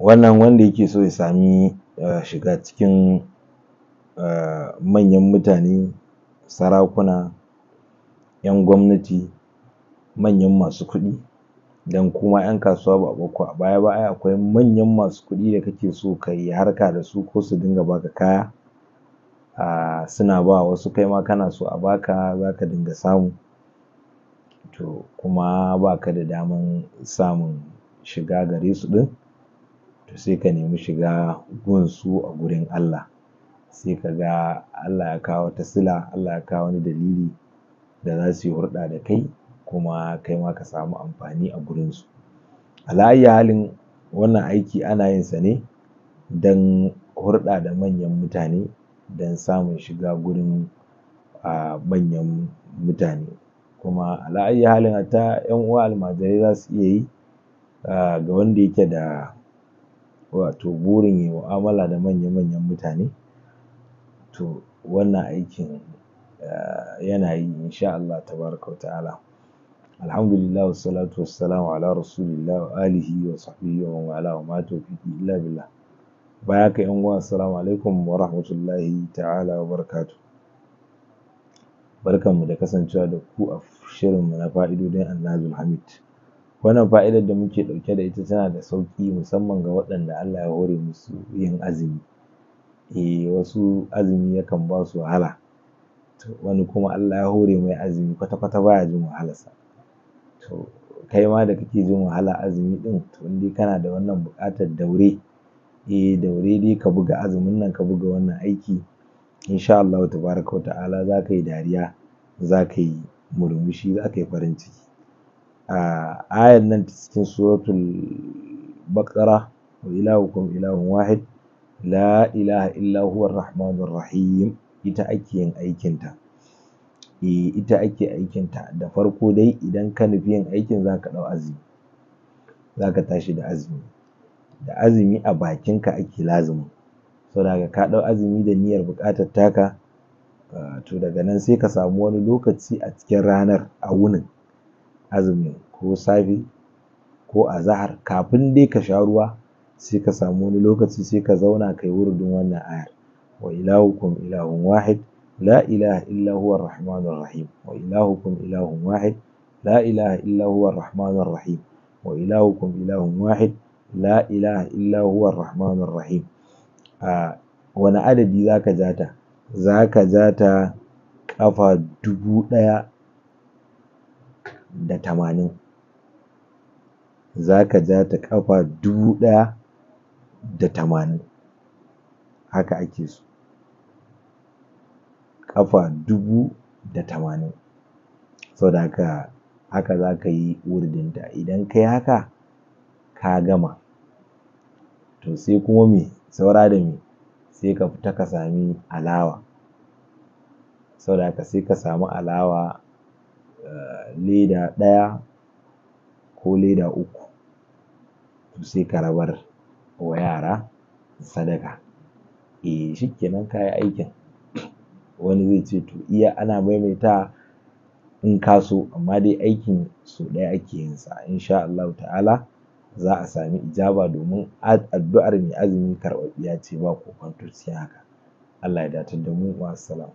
wannan wanda yake so ya sami eh, shiga cikin eh, manyan mutane sarakuna ƴan gwamnati manyan masu kuɗi don kuma ƴan kasuwa ba a a baya ba ai akwai manyan masu kuɗi da kake so kayi harka da su ko su dinga baka kaya um suna ba wasu kai ma kana so a baka zaka dinga samu to kuma baka da daman samun shiga gare su ɗin to sai ka nemi shiga gunsu a gurin Allah sai ka ga Allah ya kawo ta sila Allah ya kawo wani dalili da za su yi hurɗa da kai kuma kai ma ka samu amfani a gurinsu su ayyi halin wannan aiki ana yin sa ne don hurɗa da manyan mutane don samun shiga gurin a manyan mutane kuma alayya halin hatta ƴan uwa almajirai za su iya yi ga wanda yake da wato burin yayi mu'amala da manya-manyan mutane to wannan aikin eh, yana yi in sha Allah tabaraka wa ta'ala. Alhamdulillah wassalatu wassalamu ala rasulillah wa alihi wa sahbihi wa man wala wa ma tawfiqi illa billah. Bayan haka ƴan uwa assalamu alaikum wa rahmatullahi ta'ala wa barakatuh. Barkanmu da kasancewa da ku a shirinmu na fa'idodin annabi Hamid. wannan fa'idar da muke ɗauke da ita tana da sauƙi musamman ga waɗanda Allah ya hore musu yin azumi eh wasu azumi yakan ba su wahala wani kuma Allah ya hore mai azumi kwata-kwata baya jin wahalarsa to kai ma da kake jin wahala azumi ɗin to in dai kana da wannan buƙatar daure eh daure dai ka buga azumin nan ka buga wannan aiki insha Allahu tabaraka wa ta'ala za ka yi dariya za ka yi murmushi za ka yi farin ciki A ayan nan cikin suratul baqara wa ilahukum ilahun wahid la ilaha illa huwar rahmanur rahim ita ake yin aikin ta e, ita ake aikin ta da farko dai idan ka nufi yin aikin zaka dau azumi zaka tashi da azumi da azumi a bakin ka ake lazumin saboda haka ka dau azumi da niyyar buƙatar taka to daga nan sai ka samu wani lokaci a cikin ranar a wunin azumi ko safe ko azahar kafin dai ka sha ruwa sai ka samu wani lokaci sai ka zauna kai wurudin wannan ayar wa ilahukum ilahun wahid la ilaha illa huwa rahmanur rahim wa ilahukum ilahun wahid la ilaha illa huwa rahmanur rahim wa ilahukum ilahun wahid la ilaha illa huwa rahmanur rahim a wani adadi zaka jata zaka jata kafa ƙafa dubu ɗaya da tamanin zaka ja ta ƙafa dubu ɗaya da tamanin haka ake so ƙafa dubu da tamanin saboda haka haka zaka yi wurdinta idan kayi haka ka gama to sai kuma me saura da me sai ka fita ka sami alawa saboda haka sai ka samu alawa Eh, leda ɗaya ko leda uku to sai ka rabar wa yara sadaka eh shikenan kayi aikin wani zai ce to iya ana maimaita in kaso amma dai aikin sau ɗaya ake yin sa insha Allahu ta'ala za a sami ijaba domin addu'ar mai azumi karɓaɓɓiya ce ba ko kokonto sai haka Allah ya datar da mu ma'assalam